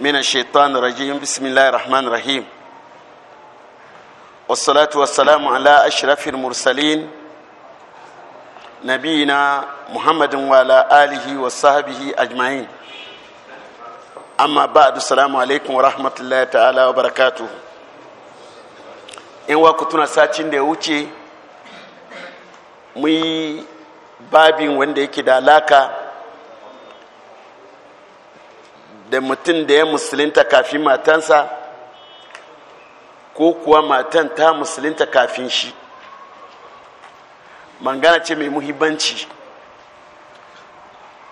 من الشيطان الرجيم بسم الله الرحمن الرحيم والصلاة والسلام على أشرف المرسلين نبينا محمد وعلى آله وصحبه أجمعين أما بعد السلام عليكم ورحمة الله تعالى وبركاته إن وقتنا ساتين sacin مي بابين وندي mu yi da mutum da ya musulinta kafin matansa ko kuwa matan ta musulinta kafin shi mangana ce mai muhimmanci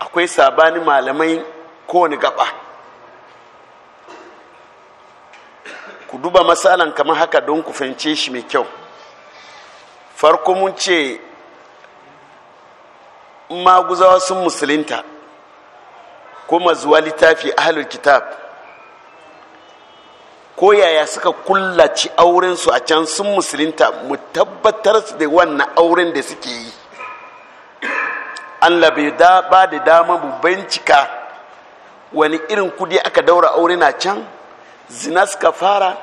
akwai sabani malamai kowane gaba ku duba matsalan kamar haka don ku fahimce shi mai kyau farko mun ce maguza wasu musulinta kuma zuwa littafi halin kitab ko yaya suka kullaci aurensu a can sun musulunta mu tabbatar da wannan auren da suke yi allah bai ba da dama mu bincika wani irin kudi aka daura aure na can zina suka fara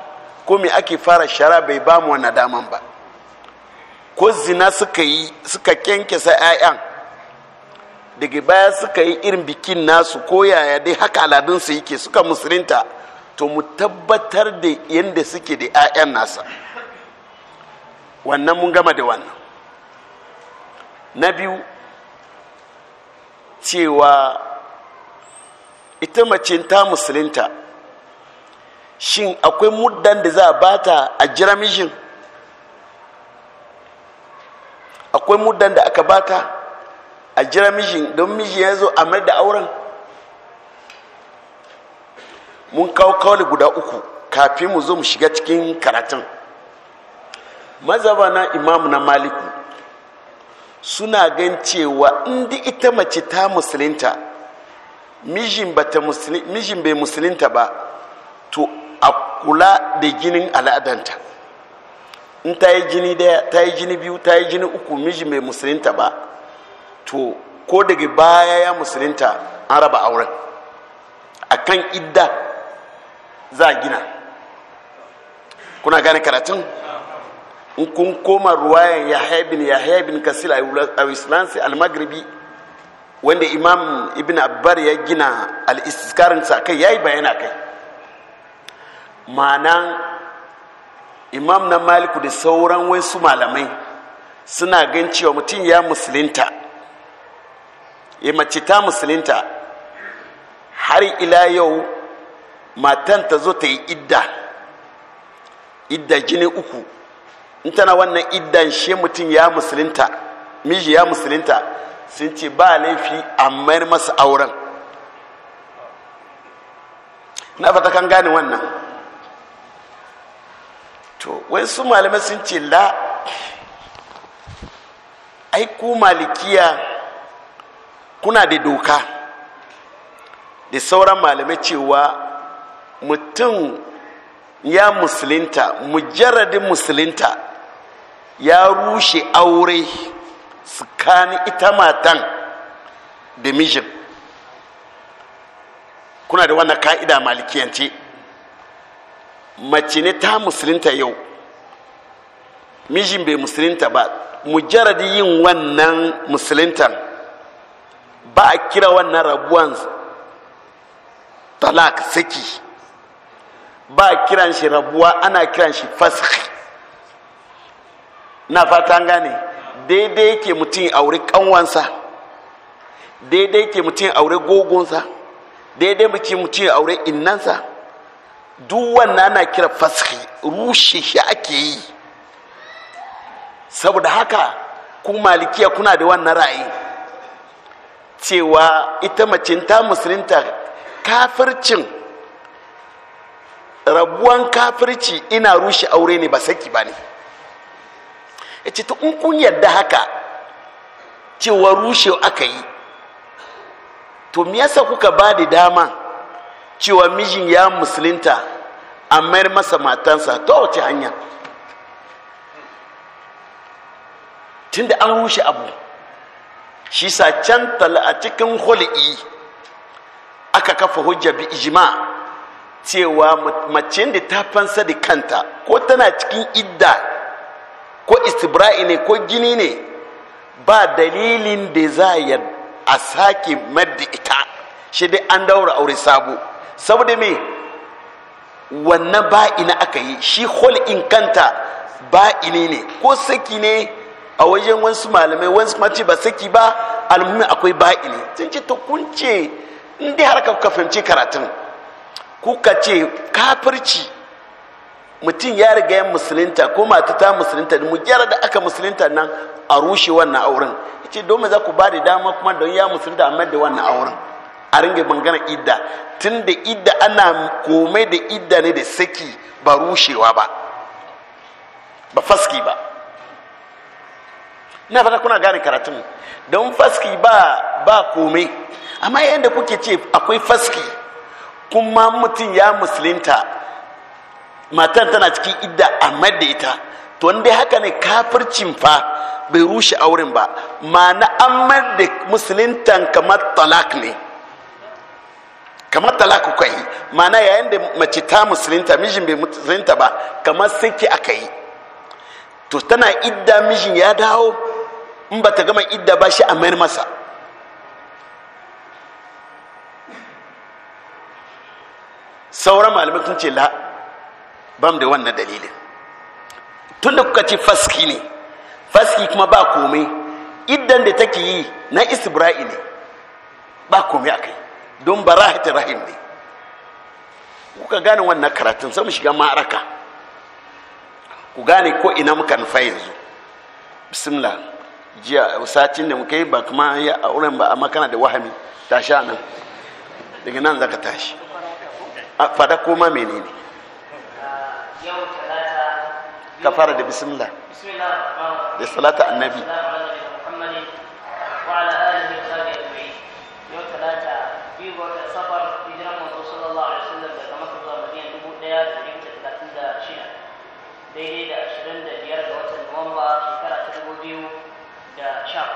ko me ake fara shara bai ba mu wannan daman ba ko zina suka yi suka 'ya'yan daga baya suka yi irin bikin nasu ko yaya dai haka aladunsu yake suka musulinta to mu tabbatar da yadda suke da 'ya'yan nasa wannan mun gama da wannan na biyu cewa ita mace ta musulinta. shin akwai muddan da za a bata a jiramishin akwai muddan da aka bata a jira mijin don mijin ya zo a mai da auren mun kawo kawai guda uku kafin mu zo mu shiga cikin karatun mazaba na imamu na maliku suna gan cewa inda ita mace ta musulinta mijin bai musulinta ba to a kula da ginin al'adanta in ta yi jini daya ta yi jini biyu ta yi jini uku mijin bai musulinta ba to ko daga baya ya musulunta an raba auren a kan idda za gina kuna gane karatun in kun koma ruwayan ya haibin ya haibin kasil a wislansi almagribi wanda imam ibn abbar ya gina al'iskarinsa kai ya yi bayana kai ma'ana imam na maliku da sauran wasu malamai suna gan cewa mutum ya musulunta ya eh, mace ta musulinta har ila yau matan ta zo ta yi idda idda jini uku in tana wannan iddan shi mutum ya musulinta miji ya musulinta sun ce ba laifi a mayar masa auren na fata kan gane wannan to wai su malamai sun ce la aiku malikiya kuna da doka da sauran malamai cewa mutum ya musulinta mujarradin musulinta ya rushe aure tsakanin ita matan da mijin kuna da wannan ka'ida malikiyance mace ne ta musulinta yau mijin bai musulinta ba mujarradin yin wannan musulintan ba a kira wannan rabuwan talak saki ba a kiran shi rabuwa ana kiran shi fasik na fatan gane daidai ke mutum aure kanwansa daidai ke mutum aure gogonsa daidai muke mutum aure innansa duk wannan ana kira fasik rushe shi ake yi saboda haka ku malikiya kuna da wannan ra'ayi cewa ita macin ta musulunta kafircin rabuwan kafirci ina rushe aure ne ba saki ba ne ya ce kun yadda haka cewa rushe aka yi to yasa kuka ba da dama cewa mijin ya musulunta a mayar masa matansa ta wace hanya tun da an rushe abu shi sa can a cikin hul'i aka kafa hujja bi ijma cewa mace da ta fansa da kanta ko tana cikin idda ko istibra'i ne ko gini ne ba dalilin da za a sake madda ita shi dai an daura aure sabo saboda me wannan ba'ina aka yi shi hul'in kanta ba'ini ne ko saki ne a wajen wasu malamai wasu mace ba saki ba almuhimmi akwai ba'ili sun ce to kun ce har ka fahimci karatun kuka ce kafirci mutum ya riga yin musulunta ko mata ta musulunta mu gyara da aka musulunta nan a rushe wannan auren ce domin za ku ba da dama kuma don ya musulunta a da wannan auren a ringe bangaren idda tun da idda ana komai da idda ne da saki ba rushewa ba ba faski ba ina fata kuna gane karatun don faski ba ba komai amma yadda kuke ce akwai faski kuma mutum ya musulinta matan tana cikin idda a da ita to dai haka ne kafircin fa bai rushe auren ba na an da musulintan kamar talak ne kamar talak kuka yi ma'ana yayin da mace ta musulinta mijin bai musulinta ba kamar saki aka yi to tana idda mijin ya dawo in ba ta gama idda ba shi a mayar masa sauran malamai sun ce la bam da wannan dalilin tun da kuka ce faski ne faski kuma ba komai idan da take yi na isbra'i ne ba komai a kai don ba rahata rahim ne kuka gane wannan karatun sai mu shiga ma'araka ku gane ko ina muka nufa yanzu bismillah jiya satin da muka yi ba kuma ya auren ba amma kana da wahami tashi a nan daga nan zaka tashi fada koma menene ka fara da bismillah da salata annabi شر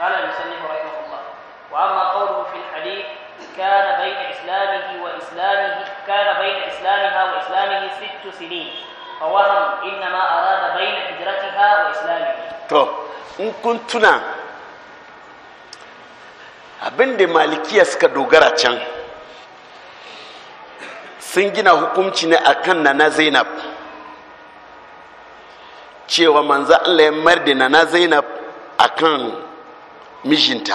قال المسلم رحمه الله وأما قوله في الحديث كان بين إسلامه وإسلامه كان بين إسلامها وإسلامه ست سنين فوهم إنما أراد بين هجرتها وإسلامه طب إن كنتنا abin da malikiya suka dogara can sun gina hukunci ne akan na na zainab cewa manzo Allah ya mayar da nana Zainab akan mijinta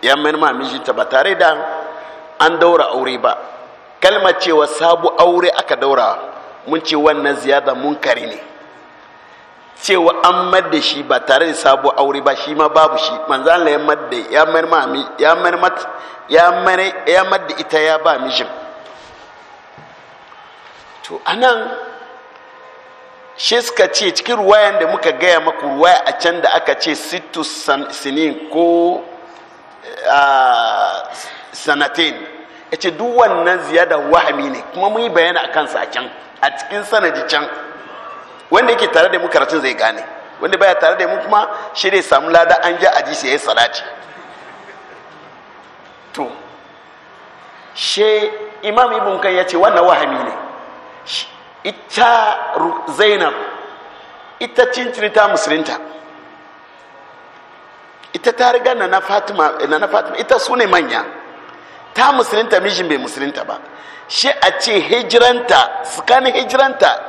ya mayar ma mijinta ba tare da an daura aure ba kalmar cewa sabu aure aka daura mun ce wannan ziyada munkari ne cewa an mayar da shi ba tare da sabu aure ba shi ma babu shi manzo Allah ya mayar da ya mayar ma ya mayar ya mayar ya mayar da ita ya ba mijin to anan shi suka ce cikin ruwayan da muka gaya maku ruwaya a can da aka ce situ sinin ko eh, sanatin ya ce duk wannan ziyada wahami ne kuma mun yi bayana a kansa a can a cikin sanadi can wanda yake tare da mu karatun zai gane wanda baya tare da mu kuma shi ne samu lada an ja aji sai salati to shi imam ibn kan ce wannan wahami ne ita zainab ita cincin ta musulinta ita ta riga na eh, na fatima ita su ne manya ta musulinta mijin bai musulinta ba shi a ce hijiranta tsakanin hijiranta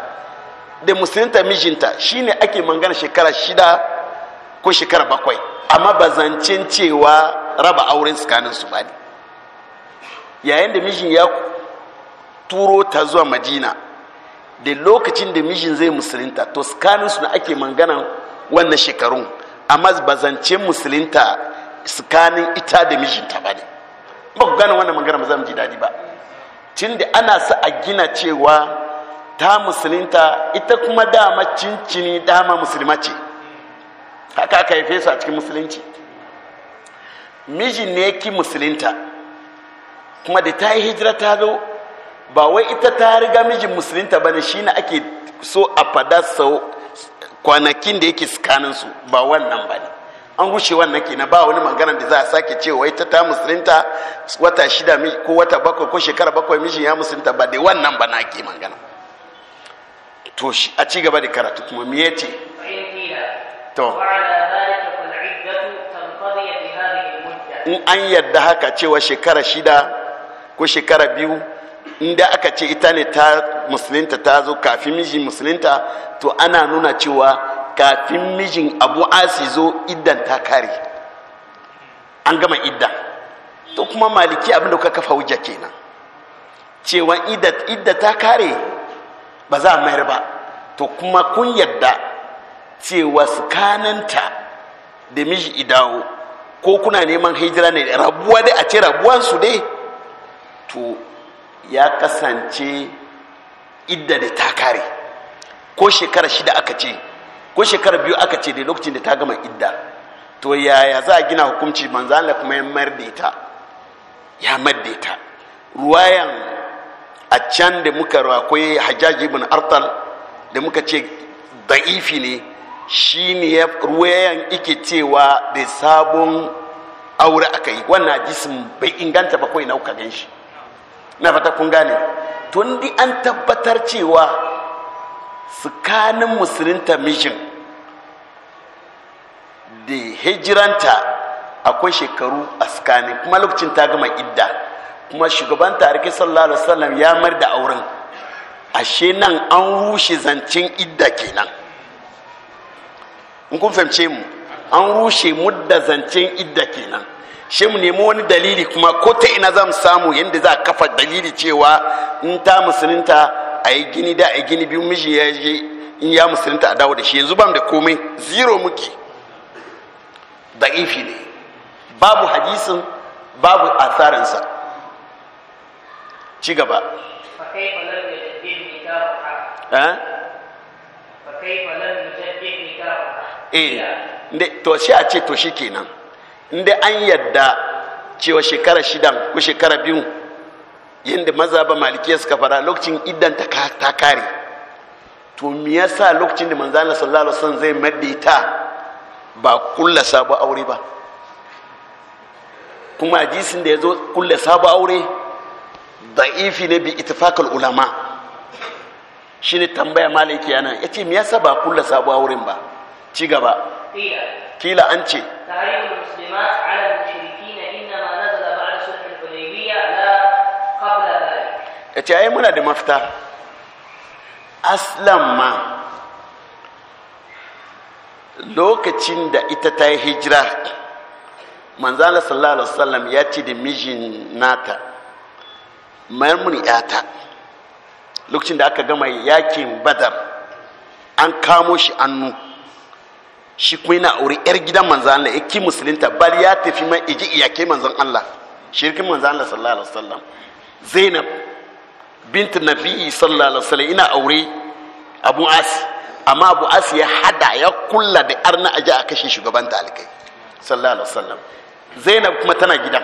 da musulinta mijinta shine ake mangana shekara shida ko shekara bakwai amma ba zancen cewa raba auren tsakanin su ba yayin da mijin ya turo ta zuwa madina da lokacin da mijin zai musulunta to sukanin na ake mangana wannan shekarun amma bazance musulunta tsakanin ita da mijinta ba ne ba ku gane wannan magana ba za ji daɗi ba tun da ana sa a gina cewa ta musulunta ita kuma dama cincini dama musulma ce haka aka haife su a cikin musulunci mijin ne ki musulunta kuma da ta yi hijira ta zo ba wai ita ta riga mijin musulunta ba ne shi ne ake so a fada sau kwanakin da yake su ba wannan ba ne an gushe wannan kenan ba wani magana da za a sake cewa ita ta musulunta wata shida ko wata bakwai ko shekara bakwai mijin ya musulunta ba dai wannan ba na ake magana to shi a ci gaba da karatu kuma me yace to in an yadda haka cewa shekara shida ko shekara biyu inda aka ce ita ne ta musulinta ta zo kafin mijin musulinta to ana nuna cewa kafin mijin abu asi zo iddan ta kare an gama iddan to kuma maliki abinda kuka kafa hujja kenan cewa idda ta kare ba za a mayar ba to kuma kun yadda cewa sukananta da miji idawo ko kuna neman hijira ne rabuwa dai a ce rabuwansu dai to ya kasance idda da ta kare ko shekara shida aka ce ko shekara biyu aka ce da lokacin da ta gama idda to yaya za a gina hukunci manzo kuma ya mayar da ya mayar da ruwayan a can da muka rakwai hajjaji ibn artal da muka ce da'ifi ne shi ne ruwayan ike cewa da sabon aure aka yi wannan jisun bai inganta ba kawai nauka gan shi na fata kun gane tun di an tabbatar cewa tsakanin musulunta mishin da hijiranta akwai shekaru a tsakanin kuma lokacin ta gama idda kuma shugaban tarihi sallallahu alaihi wasallam ya mar da auren ashe nan an rushe zancen idda kenan in kun fahimce mu an rushe mudda zancen idda kenan shi mu nemi wani dalili kuma ko ta ina za mu samu yadda za a kafa dalili cewa in ta musulunta a yi gini da a yi gini biyu miji ya je in ya musulunta a dawo da shi yanzu bam da komai zero muke ifi ne babu hadisin babu asarinsa ci gaba eh, eh to shi a ce to shi kenan inda an yadda cewa shekara shidan ko shekara biyu yadda maza ba malikiya suka fara lokacin idan ta kare to ya sa lokacin da manzan na sallallahu alaihi zai maddita ba kulla sabo aure ba kuma hadisin da ya zo kulla sabo aure ifi ne bi ittifaqul ulama shi ne tambaya maliki yana mi ya yasa ba kulla sabo auren ba ci gaba kila an ce ya ce muna da mafita aslan ma lokacin da ita ta yi hijira manzana sallallahu alaihi wasallam ya ce da mijin nata mayar muni yata lokacin da aka gama yakin badar an kamo shi annu shi kuma yana aure yar gidan manzan Allah yake musulunta bal ya tafi mai iji iyake manzan Allah shirkin manzan Allah sallallahu alaihi wasallam Zainab bint Nabi sallallahu alaihi wasallam ina aure Abu As amma Abu As ya hada ya kulla da arna aje a kashe shugaban dalikai sallallahu alaihi wasallam Zainab kuma tana gidan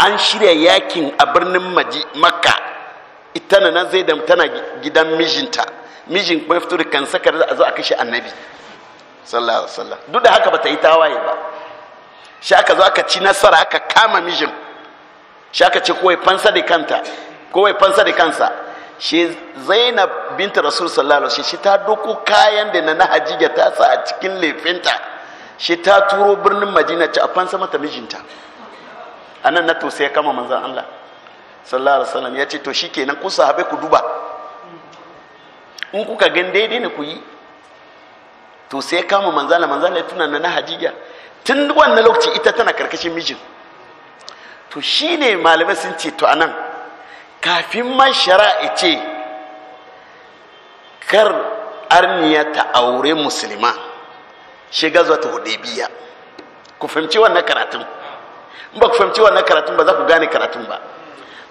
an shirya yakin a birnin Maji Makka ita na nan Zainab tana gidan mijinta mijin kuma fito da kansa a zo a kashe annabi sallallahu sallam duk da haka bata yi tawaye ba shi aka zo aka ci nasara aka kama mijin shi aka ce kowai fansa da kanta kowai fansa da kansa shi zainab binta rasul sallallahu shi, shi ta doko kayan da na hajjiga ta sa a cikin lefinta shi ta turo birnin madina ci a fansa mata mijinta anan na to sai kama manzan Allah sallallahu alaihi wasallam ya ce to shikenan ku sahabe ku duba in kuka gan daidai ne ku yi to sai kama manzala manzala tana na hadija tun wannan lokaci ita tana karkashin mijin to shine malamai sun ce to anan kafin man shara'i ce kar arniya ta aure musulma shiga zuwa ta biya ku fahimci wannan karatun in ba ku fahimci wannan karatun ba za ku gane karatun ba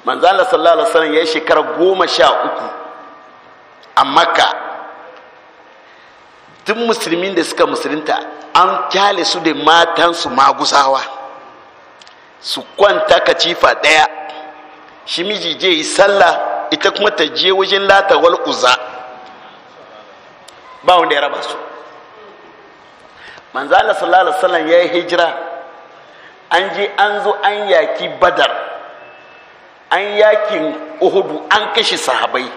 manzala sallallahu alaihi wasallam ya yi shekara goma sha uku a makka tun musulmin da suka musulunta an kyale su da matansu magusawa su kwanta kacifa ɗaya shi miji je yi sallah ita kuma ta je wajen lata wal uza ba wanda ya raba su manzala sallallahu alaihi ya yi hijira an je an zo an yaki badar an yakin uhudu an kashe sahabai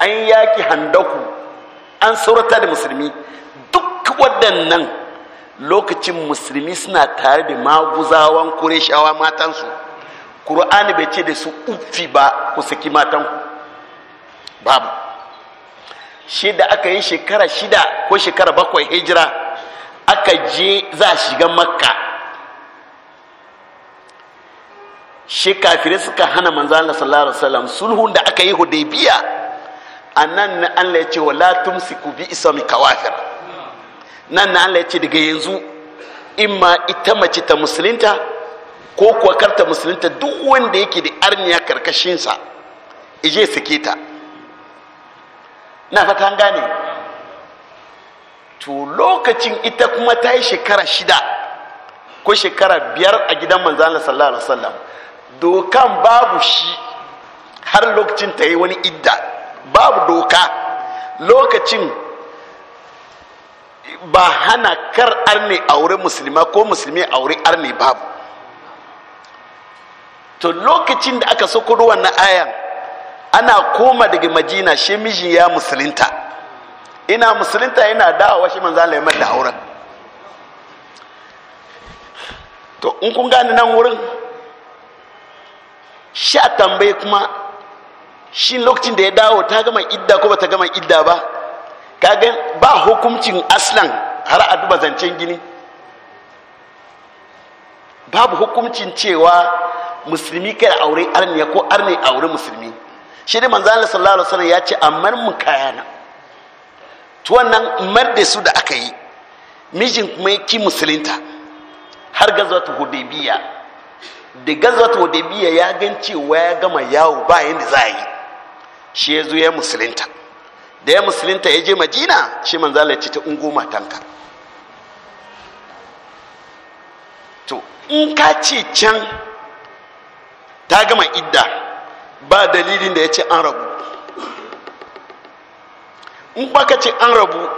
an yaki handaku an saurata da musulmi duk waɗannan lokacin musulmi suna tare da maguzawan kureshawa matansu Kur'ani bai ce da su uffi ba ku saki matanku babu shi da aka yi shekara shida ko shekara bakwai hijira aka je za a shiga makka shi kafirai suka hana manzana sallallahu alaihi wasallam sulhun da aka yi hudaybiya a nan na Allah ya ce wa siku bi mi kawafir nan na Allah ya ce daga yanzu in ma ita mace ta musulunta ko kuwa karta musulunta duk wanda yake da arniya karkashinsa ije sake ta na fata gane to lokacin ita kuma ta yi shekara shida ko shekara biyar a gidan manzana sallallahu alaihi wasallam dokan babu shi har lokacin ta yi wani idda babu doka lokacin ba hana kar arne aure musulma ko musulmi aure arne babu to lokacin da aka sokoro wannan ayan ana koma daga majina shi mijin ya musulinta ina musulinta yana dawowa shi manzo Allah da auren to in kun gane nan wurin sha tambaye kuma shi lokacin da ya dawo ta gama idda ko bata gama idda ba kagan ba hukuncin aslan har a duba zancen gini babu hukuncin cewa musulmi kai aure arniya ko arni aure musulmi shi ne manzo Allah sallallahu alaihi wasallam ya ce amman mu kayana to wannan mar da su da aka yi mijin kuma yake musulunta har gazwatu hudaybiya da gazwatu hudaybiya ya gan cewa ya gama yawo ba yanda za a yi shi ya zo Musulinta, da ya Musulinta ya je majina, shi manzala ce ta ungo matanka to in ka ce can ta gama idda ba dalilin da ya ce an rabu in baka ce an rabu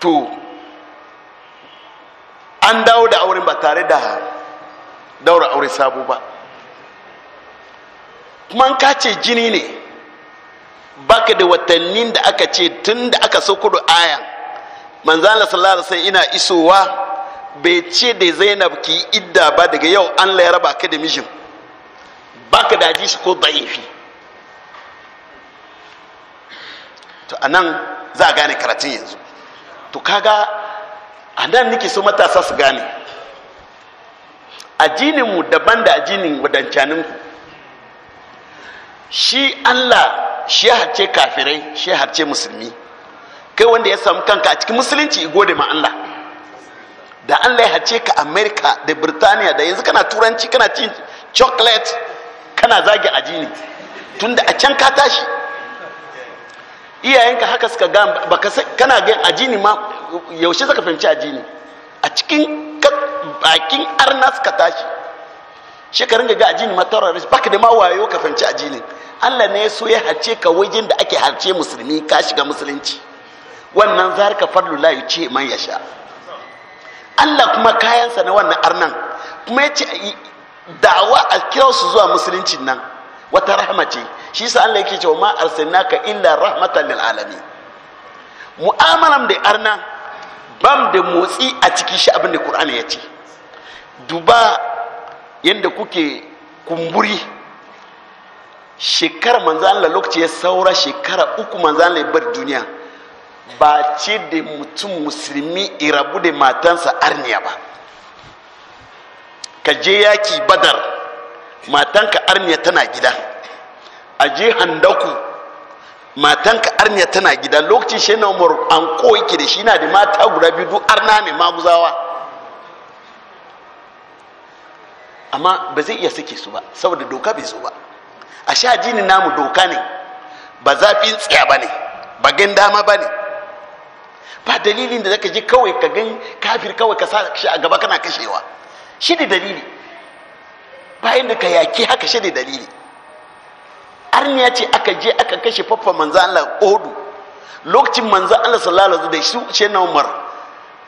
to an dawo da auren ba tare da daura aure sabo ba kuma an kace jini ne baka da watanni da aka ce tun da aka sauko da ayan manzala sallallahu alaihi ina isowa bai ce da zainab ki idda ba daga yau an ya raba ka da mijin baka da shi ko da'ifi to anan za a gane karatun yanzu to kaga anan nake so matasa su gane ajininmu daban da ajinin wadancaninku shi Allah shi ya harce kafirai shi ya harce musulmi kai wanda ya samu kanka a cikin musulunci gode ma Allah da Allah ya harce ka Amerika da Birtaniya da yanzu kana turanci kana cin chocolate kana zagi tun tunda a can ka tashi iyayenka haka suka ga baka kana ga ajini ma yaushe suka fahimci ajini a cikin bakin arna suka tashi shekarun ga ajini ma terrorist baka da ma wayo ka fahimci ajinin Allah ne so ya harce ka wajen da ake harce musulmi ka shiga musulunci wannan zarka fadlullah ya ce man yasha Allah kuma kayansa na wannan arnan kuma ya ce da'awa a kira su zuwa musulunci nan wata rahama ce shi sa Allah yake cewa ma ka illa rahmatan lil alamin mu'amalan da arnan bam da motsi a ciki shi abin da Qur'ani ya ce duba yanda kuke kumburi shekara manzan Allah lokaci ya saura shekara uku manzan Allah bar duniya ba ce da mutum musulmi irabu da matansa arniya ba ka je yaki badar matanka arniya tana gida a je handaku matanka arniya tana gida lokacin shi na umar an koyi da shi na da mata guda biyu duk arna ne maguzawa amma ba zai iya sake su ba saboda doka bai zo ba a sha jinin namu doka ne ba zafin tsiya ba ne ba gan dama ba ne ba dalilin da zaka je kawai ka gan kafir kawai ka sa shi a gaba kana kashewa shi ne dalili bayan da ka yaki haka shi ne dalili arniya ce aka je aka kashe faffa manzo Allah odu lokacin manzo Allah sallallahu alaihi wasallam da shi na Umar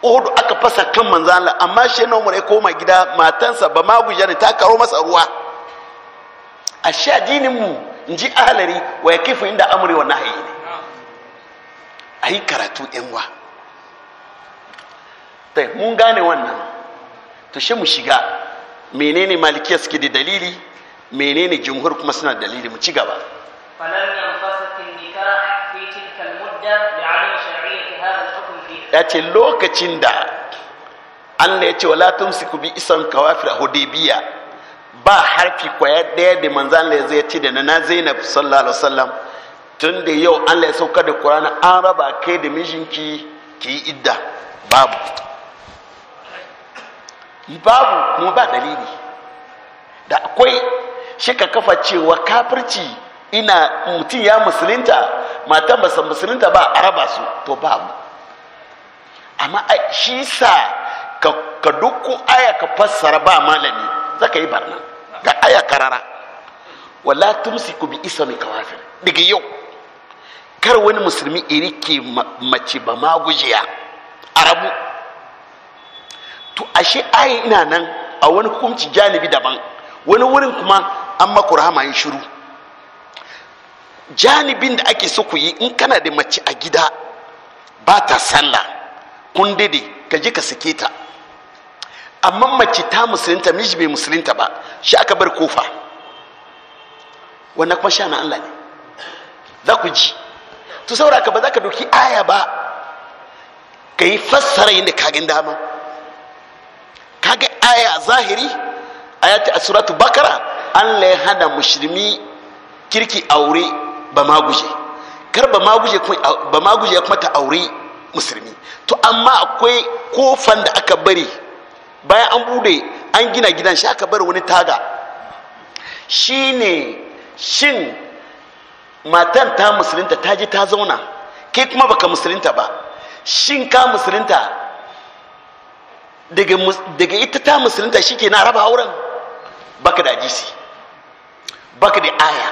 odu aka fasa kan manzo Allah amma shi na Umar ya koma gida matansa ba ma ta karo masa ruwa a sha mu in ji ahalari wa ya kifu inda amuri wa nahayi ne a yi karatu yanwa ta mun gane wannan to shi mu shiga menene malikiya suke da dalili menene jumhur kuma suna da dalili mu ci gaba ya ce lokacin da allah ya ce wa su ku bi isan kawafir a hudebiya ba harfi kwaya daya da manzan Allah zai ci da na Zainab sallallahu alaihi wasallam tun da yau Allah ya sauka da Qur'ani an raba kai da mijinki ki idda babu babu kuma ba dalili da akwai shi ka kafa cewa kafirci ina mutum ya musulunta matan ba san musulunta ba a raba su to babu amma shi sa ka dukku aya ka fassara ba malami zaka yi barna ga aya karara wala tumsiku bi isami kawafir daga yau kar wani musulmi irike mace ba magujiya arabu to ashe ayi ina nan a wani hukunci janibi daban wani wurin kuma an maku rahama yin shiru janibin da ake so ku yi in kana da mace a gida ba ta sallah kun dade ka je ka sake ta amma mace ta musulunta miji bai musulunta ba shi aka bar kofa wannan kuma sha Allah ne za ku ji to saboda ba za ka doki aya ba ka yi fassara inda kagin dama kaga aya zahiri ayati a suratu bakara An ya hana musulmi kirki aure ba ma guje kar ba ma guje ba kuma ta aure musulmi to amma akwai kofan da aka bari bayan an bude an gina gidan shi aka bar wani taga shine shin matan ta musulunta ta ji ta zauna kai kuma baka musulunta ba shin ka musulunta daga ita ta musulunta shi ke na raba auren baka da jisi baka da aya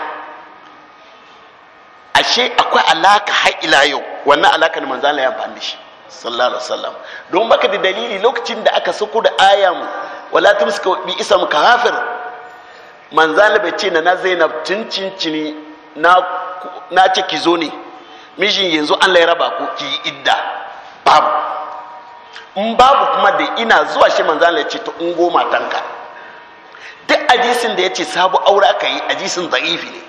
ashe akwai alaka har ila yau wannan alaka ne manzala ya amfani da shi sallallahu alaihi wasallam don baka da dalili lokacin da aka sako da ayam wala tumsiku bi isam kafir manzala bai ce na na zainab cincincini na na ce ki zo ne mijin yanzu Allah ya raba ku ki idda babu in babu kuma da ina zuwa shi manzala ya ce to in goma tanka duk ajisin da ya ce sabu aure aka yi ajisin da'ifi ne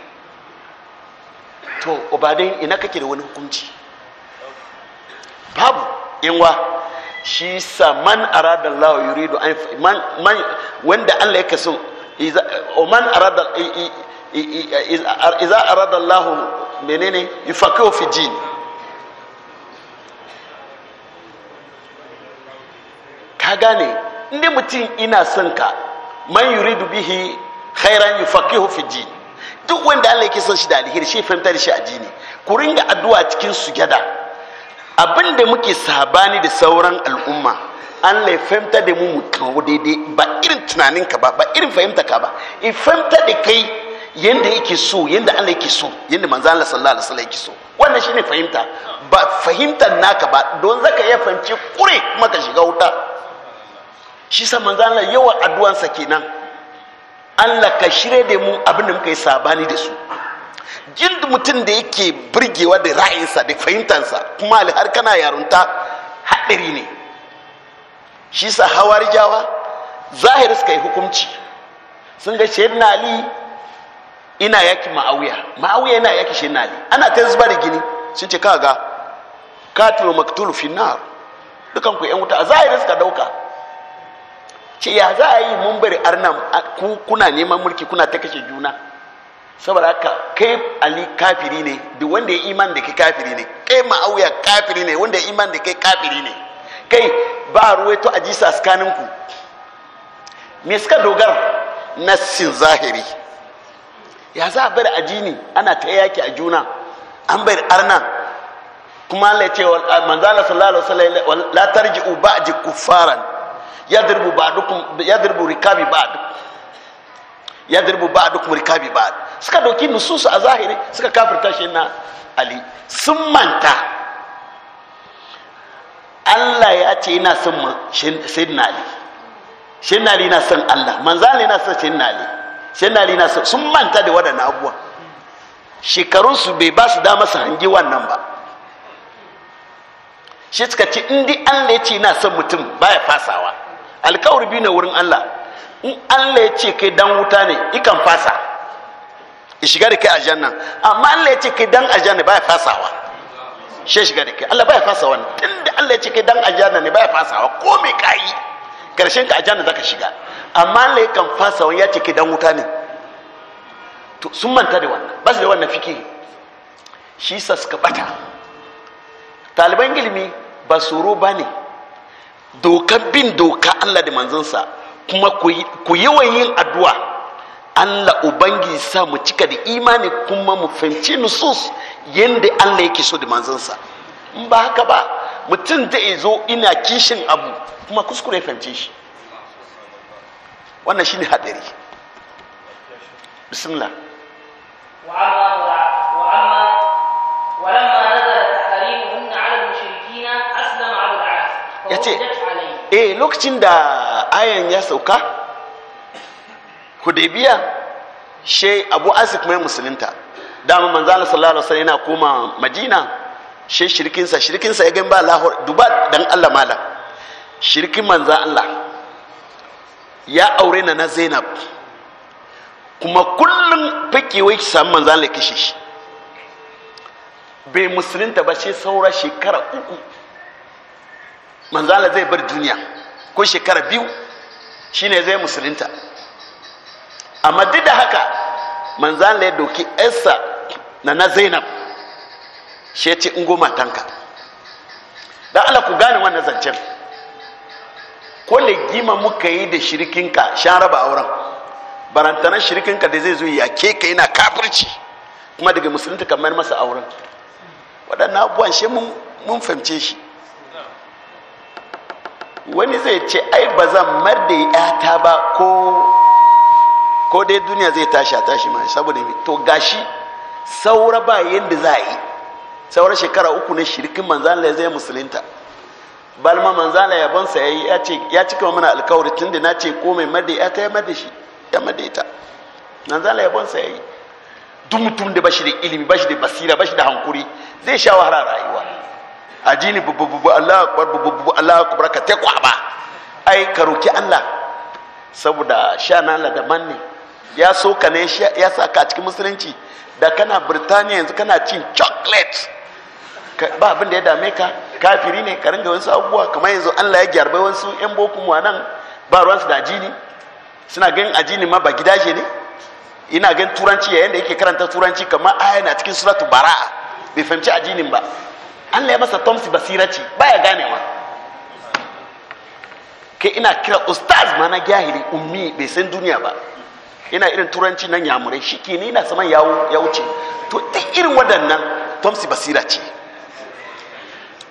to ubadin ina kake da wani hukunci babu inwa shi sa man arada Allah yuridu an man man wanda Allah yake so man arada iza arada Allah menene yufaqihu fi jini ka gane inda mutum ina son ka man yuridu bihi khairan yufaqihu fi ji. duk wanda Allah yake son shi da alheri shi fahimtar shi a jini ku ringa addu'a cikin sujada abin da muke sabani da sauran al'umma an ya da mu mu kawo daidai ba irin tunanin ba ba irin fahimta ka ba in da kai yanda yake so yanda Allah yake so yanda manzo Allah sallallahu alaihi wasallam yake so wannan shine fahimta ba fahimtar naka ba don zaka iya fahimci kure kuma ka shiga wuta shi sa manzo Allah yawan addu'ansa kenan Allah ka shirye da mu abin da muka yi sabani da su jin mutum da yake birgewa da ra'ayinsa da fahimtansa kuma har kana yarunta haɗari ne shi sa jawa zahiri suka yi hukunci sun ga shayin ali ina yaki ma'auya ma'auya yana yaki shayin ali ana ta zuba da gini sun ce kaga katilu maktulu finnar dukan ku yan wuta a zahiri suka dauka ce ya za a yi mun bari arnan kuna neman mulki kuna ta kashe juna saboda haka kai ali kafiri ne duk wanda ya iman da kai kafiri ne kai ma'auya kafiri ne wanda ya iman da kai kafiri ne kai ba ruwaito a jisa tsakanin ku me suka na nassin zahiri ya za a bari ajini ana ta yaki a juna an bari arna kuma Allah ya ce manzala sallallahu alaihi wasallam la tarji'u ba'di kuffaran yadribu ba'dukum yadribu rikabi ba'd yadribu ba'dukum rikabi ba'd suka doki nususu a zahiri suka kafirta shi na ali sun manta Allah ya ce yana son sayyidina ali sayyidina ali na son Allah manzali na son sayyidina ali ali na son sun manta da waɗannan abubuwan shekarunsu bai ba su dama su hangi wannan ba shi suka ce indi Allah ya ce yana son mutum baya fasawa alkawar biyu na wurin Allah in Allah ya ce kai dan wuta ne ikan fasa shiga da ke aljanna amma Allah ya ce kai dan aljanna ya fasawa shi shiga da ke, Allah ya fasawa tunda Allah ya ce kai dan aljanna ne b'a ya fasawa ko mai kai karshen ka aljanna zaka shiga amma Allah ya kan fasawa ya ce kai dan wuta ne to sun manta da wannan ba su da wannan fikiri shi sa suka bata taliban ilimi ba ro ba ne dokar bin doka Allah da manzansa kuma ku yawan yin addu'a Allah ubangi sa mu cika da imani kuma mu fahimci nusus yadda Allah yake so da manzansa in ba haka ba mutum da ya zo ina kishin abu kuma kuskure fahimce shi wannan shine hadari bismillah ya ce eh lokacin da ayan ya sauka hudaybiya she abu asif mai musulunta dama manzo Allah sallallahu alaihi wasallam yana koma madina she shirkin sa shirkin sa ya ga ba lahor duba dan Allah mala shirkin manzo Allah ya aure na na Zainab kuma kullum fake wai samu manzo Allah kishi shi bai musulunta ba she saura shekara uku manzo Allah zai bar duniya ko shekara biyu shine zai musulunta amma duk da haka manzan ya doki yarsa na na zainab shi ce in goma tanka don allah ku gane wannan zancen ko legima muka yi da shirikinka shan raba auren barantanar shirikinka da zai zo ya ke ka yana kafirci kuma daga musulunta kamar masa auren waɗannan abubuwan shi mun fahimce shi wani zai ce ai ba zan mar da ya yata ba ko ko dai duniya zai tashi a tashi ma saboda me to gashi saura ba yadda za a yi saura shekara uku ne shirkin manzan Allah zai musulinta balma manzan ya bansa ya yi ya cika mana alkawari tun da na ce ko mai madai ya ta madai shi ya madai ta manzan ya bansa ya yi duk mutum da bashi da ilimi bashi da basira bashi da hankuri zai sha wahala rayuwa a ji ni bububu Allah akbar bububu Allah akbar ka ta kwaba ai ka roki Allah saboda sha na Allah daban ne ya so ka ne ya sa ka cikin musulunci da kana birtaniya yanzu kana cin chocolate ba abin da ya dame ka kafiri ne ka ringa wasu abubuwa kamar yanzu allah ya gyarbe wasu yan boku mu nan ba ruwansu da ajini suna ganin ajini ma ba gidaje ne ina ganin turanci yayin da yake karanta turanci kamar aya na cikin suratu bara'a bai fahimci ajinin ba allah ya masa tomsi ci baya ganewa kai ina kira ustaz ma na gyahiri ummi bai san duniya ba ina irin turanci nan mure shi ke ni na saman ya wuce to duk irin waɗannan tomsi basira ce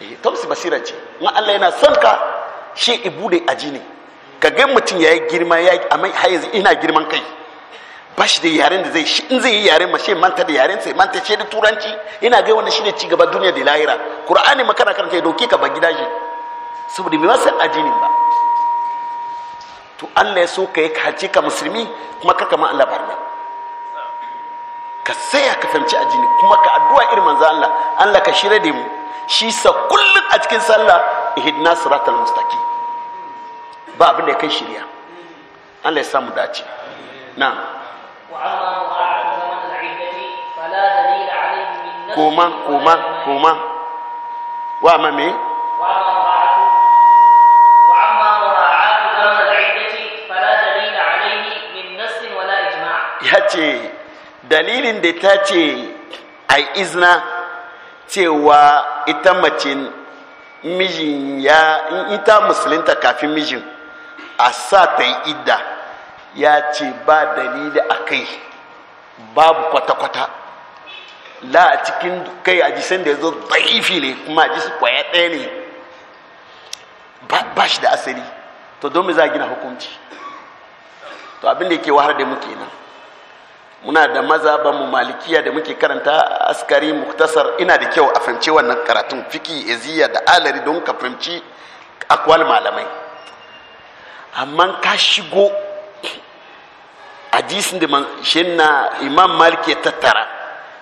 eh, tomsi basira ce ma Allah yana son ka shi ibu da aji ne ka ga mutum ya yi girma ya yi amma har yanzu ina girman kai ba shi da yaren da zai shi in zai yi yaren ma shi manta da yaren sai manta ce da turanci ina ga wannan shine cigaba duniya da lahira qur'ani makana karanta ya doke ka ba gidaje. shi saboda bai san addinin ba to Allah ya so ka yi kaci ka musulmi kuma ka kama Allah barna ka saya ka fahimci ajini kuma ka addu'a irin manzo Allah Allah ka shirya da mu shi sa kullum a cikin sallah ihdina siratal mustaqim ba abin da kai shirya Allah ya samu dace na'am koma koma koma wa mame wa dalilin da ta ce a izina cewa ita mace mijin ya ita musulunta kafin mijin a sa ta yi idda ya ce ba dalili a kai babu kwata-kwata la a cikin kai a jisan da ya zo zaifi ne kuma a jisi kwaya ɗaya ne ba shi da asali to don me za a gina hukunci to abin da ke wahar da muke nan muna da maza mu malikiya da muke karanta askari muktasar ina da kyau a fahimci wannan karatun fiki eziya da alari don ka fahimci akwal malamai amma ka shigo hadisin da shin na imam maliki tattara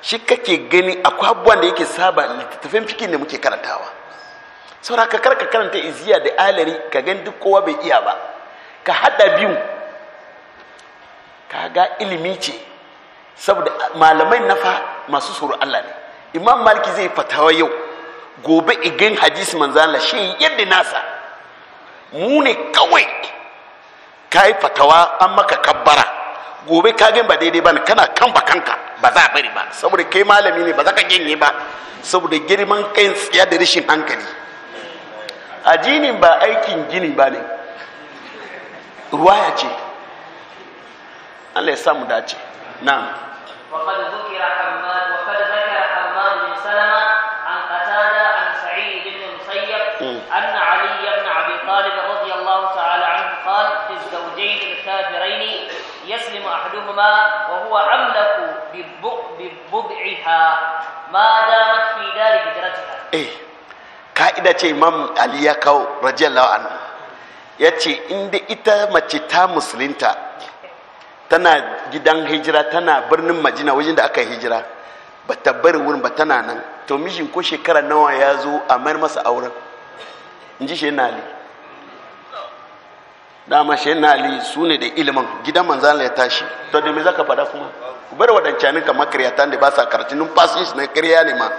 shi kake gani akwai abubuwan da yake saba littattafin fiki da muke karantawa saura ka karka karanta iziya da alari ka gani duk kowa bai iya ba ka hada biyu ka ga ilimi ce saboda malamai na fa masu tsoro Allah ne imam maliki zai fatawa yau gobe igin hadisi manzala shi yadda nasa mu ne kawai ka kai fatawa an maka kabbara gobe ka gan ba daidai ba kana kan bakanka ba za a bari ba saboda kai malami ne ba za ka ganye ba saboda girman kai tsiya da rashin hankali ajinin ba aikin gini ba ne ya ce Allah ya samu dace نعم وقد ذكر حماد وقد ذكر حماد بن سلمة عن قتادة عن سعيد بن المسيب أن علي بن أبي طالب رضي الله تعالى عنه قال في الزوجين الكافرين يسلم أحدهما وهو أملك ببضعها ما دامت في دار هجرتها إيه ka'ida ce imam ali ya kawo rajiyar anhu ya ce inda ita mace ta musulunta tana gidan hijira tana birnin majina wajen da aka hijira ba ta bari wurin ba tana nan to mijin ko shekara nawa ya zo a mayar masa auren in ji shi nali dama shi nali su ne da ilimin gidan manzana ya tashi to da me za ka faɗa kuma ku bar waɗancanin ka makaryata da ba sa karatu numfashin su na kariya ne ma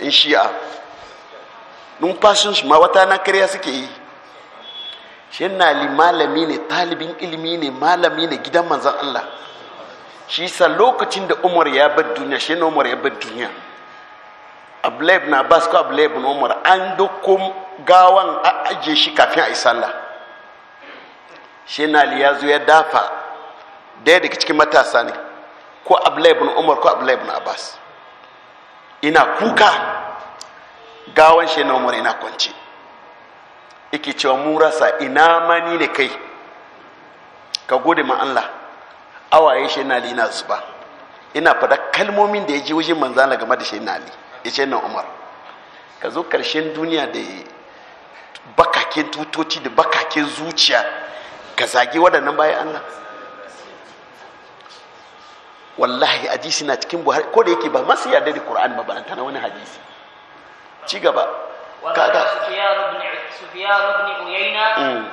in shi'a numfashin su ma wata na kariya suke yi shi yana malami ne talibin ilimi ne malami ne gidan manzan Allah shi sa lokacin da umar ya bar duniya shi na umar ya bar duniya ablaib na bas ko ablaib na umar an dukkan gawan a ajiye shi kafin a yi sallah shi na ali ya zo ya dafa daya daga cikin matasa ne ko ablaib na umar ko ablaib na abbas ina kuka gawan shi na umar ina kwanci yake cewa mu rasa ina mani ne kai ka gode ma Allah awaye shi na lina su ba ina fada kalmomin da ya ji wajen manzana game da shi na li ya ce na umar ka zo karshen duniya da bakakin tutoci da bakakin zuciya ka zage waɗannan bayan Allah wallahi hadisi na cikin buhari ko da yake ba masu yarda da qur'an ba ba na wani hadisi ci gaba kaga سفيان بن عيينة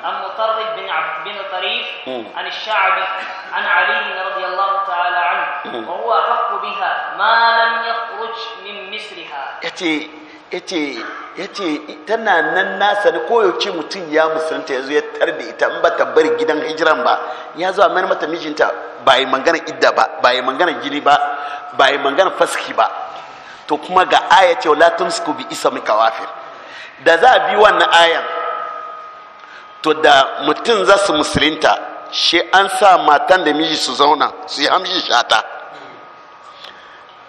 عن مطرد بن عبد بن طريف عن الشعبي عن علي رضي الله تعالى عنه وهو أحق بها ما لم يخرج من misriha. yace yace tana nan nasa ne koyaushe mutum ya musulunta yazo ya tarbi ita in ba ta bari gidan hijiran ba ya zo a mata mijinta ba yi magana idda ba ba yi magana gini ba ba yi magana fasiki ba to kuma ga aya ce la tumsiku bi isa mikawafir da za a bi wannan ayan to da mutum za su musulinta shi an sa matan da miji su zauna su yi hamshi shata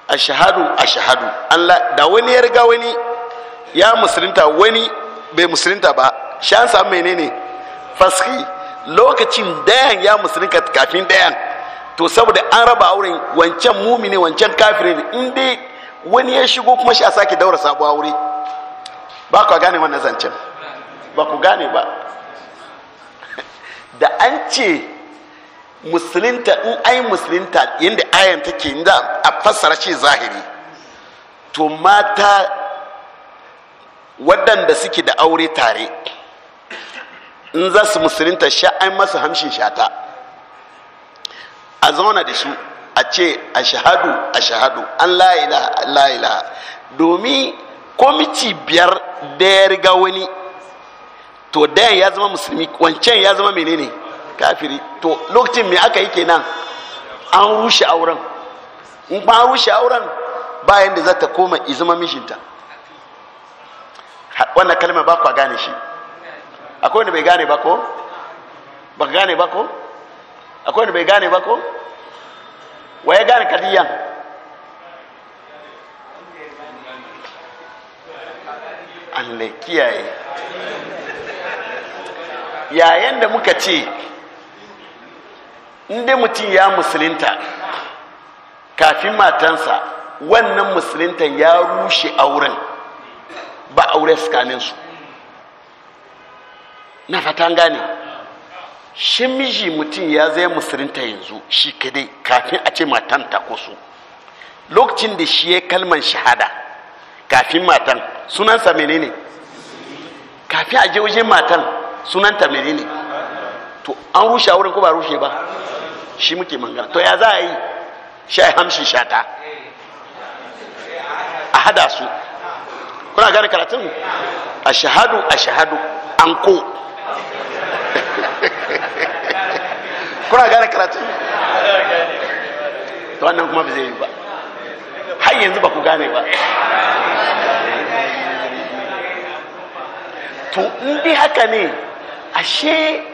a shahadu a shahadu da wani ya riga wani ya musulinta wani bai musulinta ba shi an samu menene faski lokacin dayan ya musulinta kafin dayan to saboda an raba auren wancan ne wancan kafirin inda wani ya shigo kuma shi a sake daura sabuwa wuri. ba ku gane wannan zancen ba ku gane ba da an ce musulinta in ai musulinta yadda ayan take za a fassara shi zahiri to mata waɗanda suke da aure tare in za su musulinta an masu hamshin shata a zauna da su a ce a shahadu a shahadu an la'ila la'ila domin ko biyar da ya riga wani to dayan ya zama musulmi wancan ya zama menene kafiri to lokacin me aka yi kenan an rushe auren in ba rushe auren bayan da za ta koma izuma mishinta wannan kalmar ba kwa gane shi akwai wanda bai gane ba ko ba gane ba ko akwai wanda bai gane ba ko waye gane kadiyan allah kiyaye yayin da muka ce inda mutum ya musulinta kafin matansa wannan musulinta ya rushe auren ba aure tsakaninsu na fatan gane shi miji mutum ya zai musulinta yanzu shi kadai kafin a ce matan ta su lokacin da shi ya kalman shahada kafin matan sunansa menene kafin a je wajen matan sunanta menene to an rushe a wurin ko ba rushe ba shi muke mangana to ya za a yi sha hamshi shata a hada su kuna gane karatun a shahadu a shahadu an ko kuna gane karatun to wannan kuma ba zai yi ba har yanzu ba ku gane ba to ɗi haka ne ashe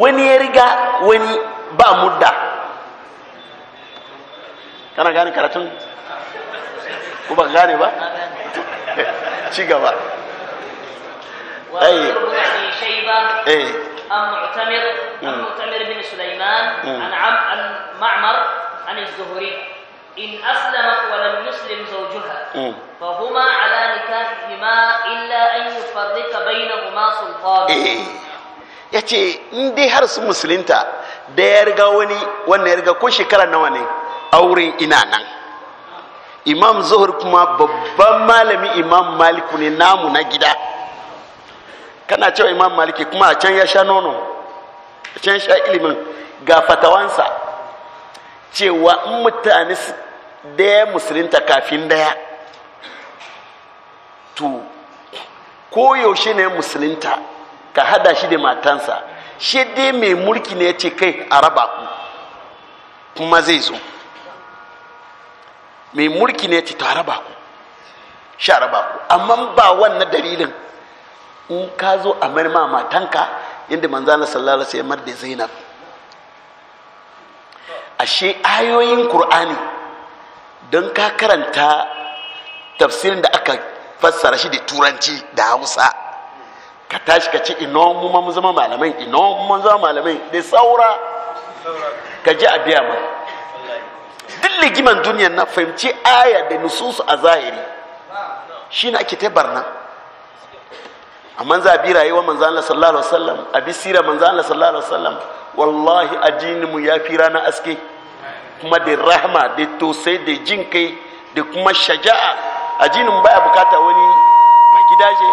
wani ya riga wani ba mudda kana gane karatun ku ba gane ba ci gaba أي شيبة أي معتمر معتمر بن سليمان an عم عن معمر عن الزهري إن أسلمت ولم يسلم زوجها فهما على نكاحهما إلا أن يفرق بينهما سلطان ya ce in dai har su musulunta da ya riga wani wannan ya riga ko shekara nawa ne auren ina nan imam zuhur kuma babban malami imam maliku ne namu na gida kana cewa imam maliki kuma a can ya sha nono a can ya sha ilimin ga fatawansa cewa in mutane daya musulunta kafin daya to koyaushe ne musulunta ka hada shi da matansa shi dai mai mulki ne ya ce kai a raba ku kuma zai zo mai mulki ne ya ce ta raba ku sha raba ku amma ba wannan dalilin in ka zo a marima matanka inda manzana sallallahu alaihi wasallam da zainab ashe ayoyin Kur'ani don ka karanta tafsirin da aka fassara shi da turanci da hausa ka tashi ka ce ino mu ma zama malamai ino mun zama malamai da saura ka ji a biya ma duk ligiman duniya na fahimci aya da nususu a zahiri shi na ake taibar nan amma za a bi rayuwa manza Allah sallallahu alaihi wasallam a bi sira manzo Allah sallallahu alaihi wasallam wallahi addinin mu ya fi rana aske kuma da rahama da tosai da jin kai da kuma shaja'a jinin baya bukata wani ba gidaje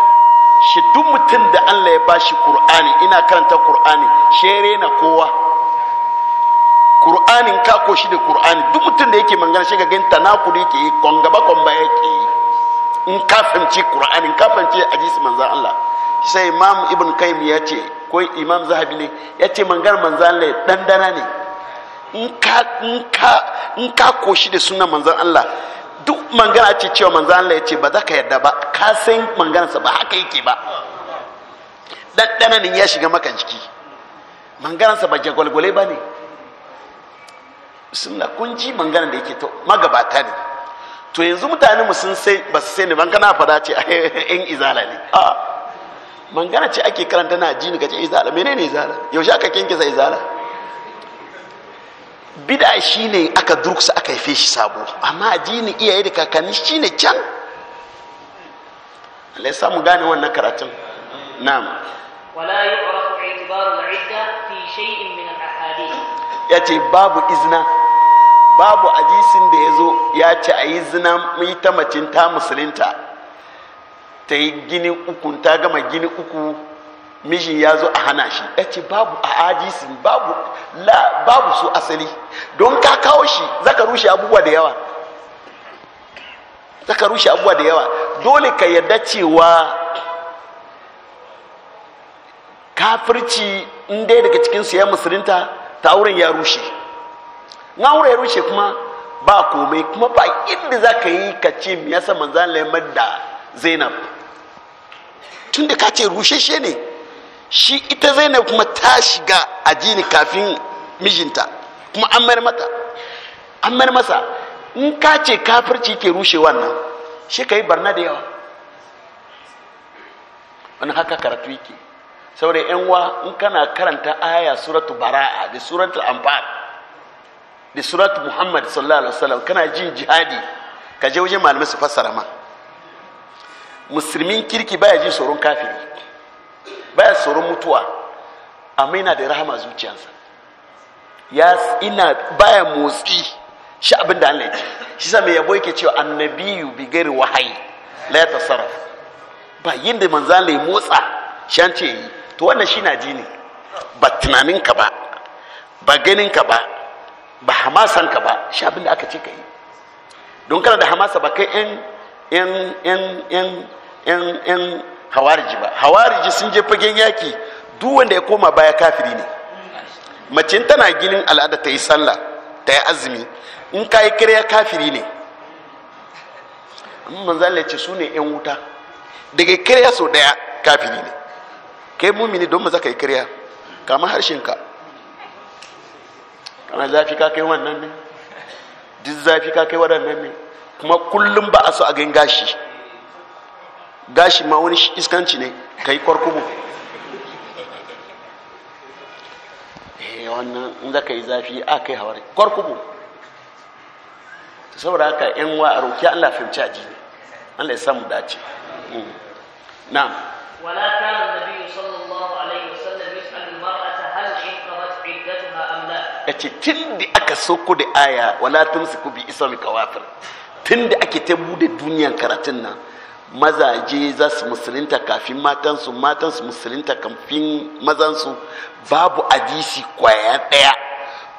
shi duk mutum da Allah ya bashi Kur'ani ina karanta Kur'ani shere na kowa Kur'anin ka shi da Kur'ani duk mutum da yake mangana shi ga gan tanakuri yake yi kon gaba kon yake yi in ka fahimci Kur'ani in ka fahimci hadisi Allah sai Imam Ibn Qayyim ya ce ko Imam Zahabi ne ya ce mangar manzon Allah dandana ne in ka koshi da sunan manzan Allah duk mangana ce cewa manzan Allah ya ce ba za ka yarda ba ka san manganarsa ba haka yake ba ɗanɗananin ya shiga makan jiki manganarsa ba jagwalgwale ba ne suna kun ji mangana da yake to magabata ne to yanzu mutane mu sun sai ba su sai ne kana fada ce in ah, izala ne a mangana ce ake karanta na ji ni kace izala menene izala yaushe aka kinkisa izala bida shi shine aka durksa aka haife shi sabo amma iya iyaye da kakanni shi ne can alai ya samu gane wannan karatun na'am wala yu'rafu i'tibaru fi shay'in min al-ahadith yace babu izna babu hadisin da yazo ya ce ayi zina mai ta macin ta musulunta ta yi gini uku ta gama gini uku mijin ya zo a hana shi ya ce babu a hadisi babu su asali don ka kawo shi zaka rushe abubuwa da yawa zaka rushe abubuwa da yawa dole ka yarda cewa kafirci in dai daga cikin su ya musulunta ta auren ya rushe na ya rushe kuma ba komai kuma ba inda za ka yi ka ce me yasa manzan laimar da zainab tun da ka ce rushe ne shi ita zainab kuma ta shiga ajini kafin mijinta kuma an mayar mata an mayar masa in ka ce kafirci ke rushe wannan shi ka yi barna da yawa wani haka karatu yake saboda yan wa in kana karanta aya suratu bara'a da suratu amfar da suratu muhammad sallallahu alaihi wasallam kana jin jihadi ka je wajen malamai su fassara ma musulmin kirki baya jin tsoron kafiri baya tsoron mutuwa amma yana da rahama zuciyarsa ya ina baya motsi shi abin da Allah ya shi sa mai yabo yake cewa annabiyu bi gairi wahayi la sarraf ba yin da manzo Allah ya motsa shi an ce yi to wannan shi na ji ne ba tunanin ka ba ba ganin ka ba ba hamasan ka ba shi abin da aka ce ka yi don kana da hamasa ba kai yan yan yan yan hawariji ba hawariji sun je fagen yaki duk wanda ya koma baya kafiri ne mace tana ginin al'ada ta yi sallah ta yi azumi in ka yi kare kafiri ne manzala ce su ne yan wuta daga kare so daya kafiri ne kai mumini don mu zaka yi kariya kama ka kana zafi ka kai wannan ne duk zafi ka kai wannan ne kuma kullum ba a so a gan gashi gashi ma wani iskanci ne ka yi kwarkubu eh wannan in za ka yi zafi a kai hawari kwarkubu saboda haka yan wa a roƙi an fahimci caji ne an ya samu dace mm. Na. wala kana nabi sallallahu alaihi wasallam yas'al mar'ata hal inqadat iddatuha am ya yace tun da aka soko da aya wala tun su ku bi mai kawafir tun da ake ta bude duniyan karatun nan mazaje za su musulunta kafin matansu matansu musulunta kafin mazansu babu adisi kwaya daya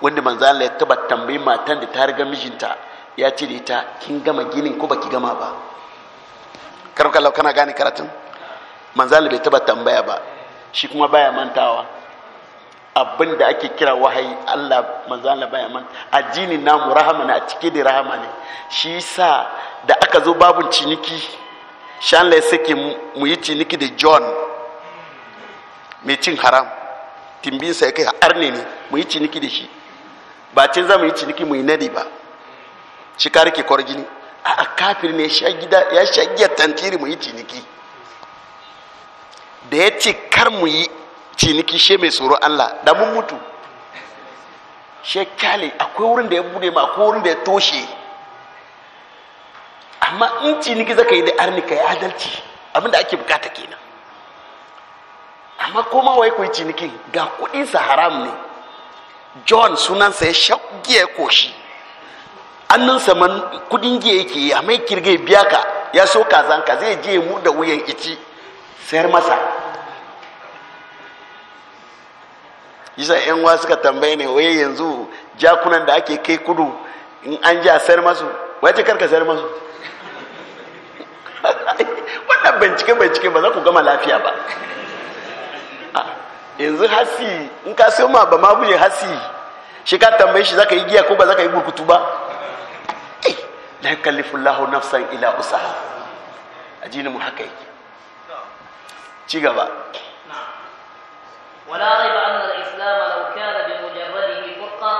wanda manzo Allah ya taba tambayi matan da ta riga mijinta ya ce da ita kin gama ginin ko baki gama ba karam kallau kana gane karatun manzo Allah bai taba tambaya ba shi kuma baya mantawa abin da ake kira wahayi Allah manzo Allah baya manta addini namu rahama na a cike da rahama ne shi sa da aka zo babun ciniki shan lai mu yi ciniki da john mai cin haram timbinsa ya kai har ne mu yi ciniki da shi ba ce za mu yi ciniki mu yi nadi ba shi ka rike kwargini a kafir ne ya sha tantiri mu yi ciniki da ya ce kar mu yi ciniki she mai tsoro allah da mun mutu she kyale akwai wurin da ya bude ma akwai wurin da ya toshe amma in ciniki zaka yi da arni ka adalci abinda ake bukata kenan amma koma wai ku ci ciniki ga kudinsa haram ne john sunansa ya shagiya koshi sa man kudin giya yake ya amma kirge biya ka ya so kazanka zai je mu da wuyan ici sayar masa yasa yan wa suka tambaye ne waye yanzu jakunan da ake kai kudu in an ji a sayar masu wace karka sayar masu wannan bincike bincike ba za ku gama lafiya ba ah, yanzu hasi in ka sai ma ba ma guje hasi shi ka tambaye shi za ka yi giya ko ba za ka yi gurkutu ba eh la yukallifu Allahu nafsan ila usaha ajini mu haka yake ci gaba ولا ريب أن الإسلام لو كان بمجرده فرقة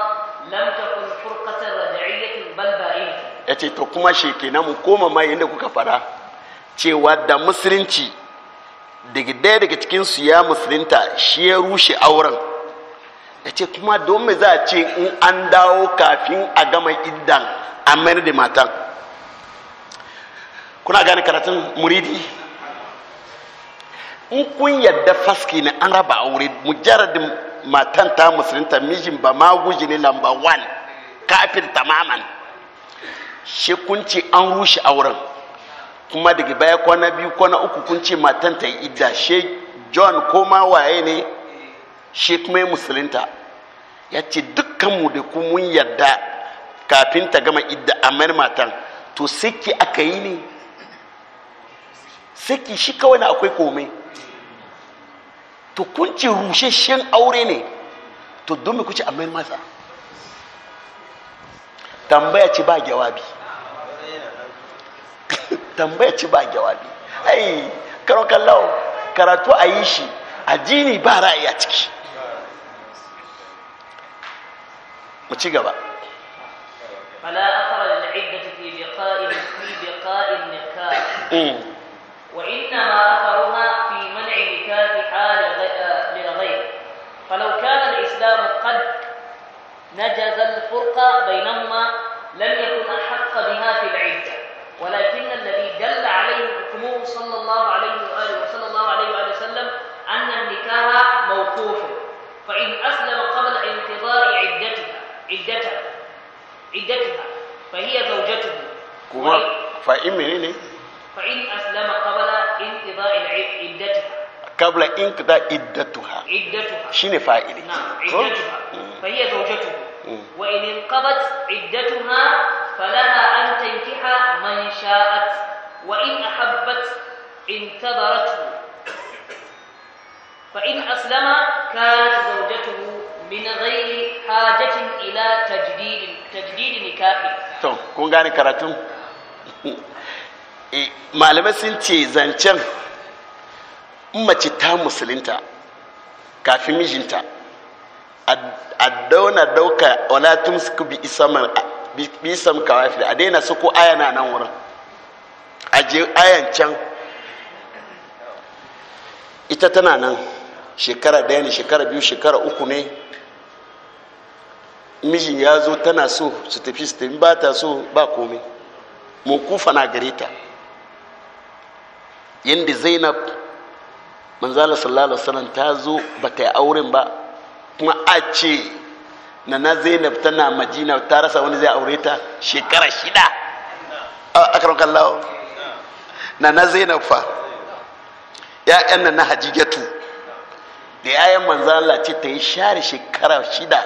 لم تكن فرقة رجعية بل بائنة. أتي تقوم شيء كنا مكوما ما يندك كفرة. cewa da musulunci daga daya daga cikinsu ya musulunta shi ya rushe auren ya ce kuma don za a ce in an dawo kafin a gama idan a mayar da matan kuna gane karatun muridi in kun yadda faski ne an raba aure mujaradin matan ta musulunta mijin ba ma guji ne lamba 1 kafin tamaman shi kun an rushe auren kuma daga baya kwana biyu kwana uku kun ce matan ta yi idda she john koma waye ne she kuma musulunta ya ce dukkanmu da ku mun yarda kafin ta gama idda amar matan to saki aka yi ne saki shi kawai na akwai komai to kun ce rusheshen aure ne to don me kuce amar masa tambaya ce ba jawabi tambaya ci ba jawabi ai karo kallawo karatu a yi shi addini ba ra'ayi a ciki mu ci gaba فلا أثر للعدة في بقاء في بقاء النكاح إيه. وإنما أثرها في منع نكاحها آه، للغير فلو كان الإسلام قد نجز الفرقة بينهما لم يكن أحق بها في العدة ولكن الذي دل عليه حكمه صلى الله عليه واله وصلى الله عليه واله وسلم ان النكاح موقوف فان اسلم قبل انقضاء عدتها عدتها عدتها فهي زوجته كما فإن إيه؟ فإن أسلم قبل انقضاء عدتها قبل انقضاء عدتها عدتها شنو فاعل نعم عدتها فهي زوجته wa in inqabat iddatuha falaha an tankiha man sha'at wa in ahabbat intadaratu fa in aslama kanat zawjatuhu min ghairi hajatin ila tajdid tajdid nikahi to kun gane karatun eh, malamai sun ce zancen mace ta musulunta kafin mijinta a dauka wala tumsiku bi isaman bi isam kawafir a daina suku ko aya na nan wurin a je ayan can ita tana nan shekara daya ne shekara biyu shekara uku ne mijin ya zo tana so su tafi su tafi ba ta so ba komai mu kufa na gare ta yadda zainab manzala sallallahu alaihi wasallam ta zo ba ta yi auren ba kuma a ce na na zainab tana majina ta rasa wani zai aure ta shekara shida a karon kallawo na na zainab fa ya'yan na na hajigatu da ya'yan manzala ce ta yi share shekara shida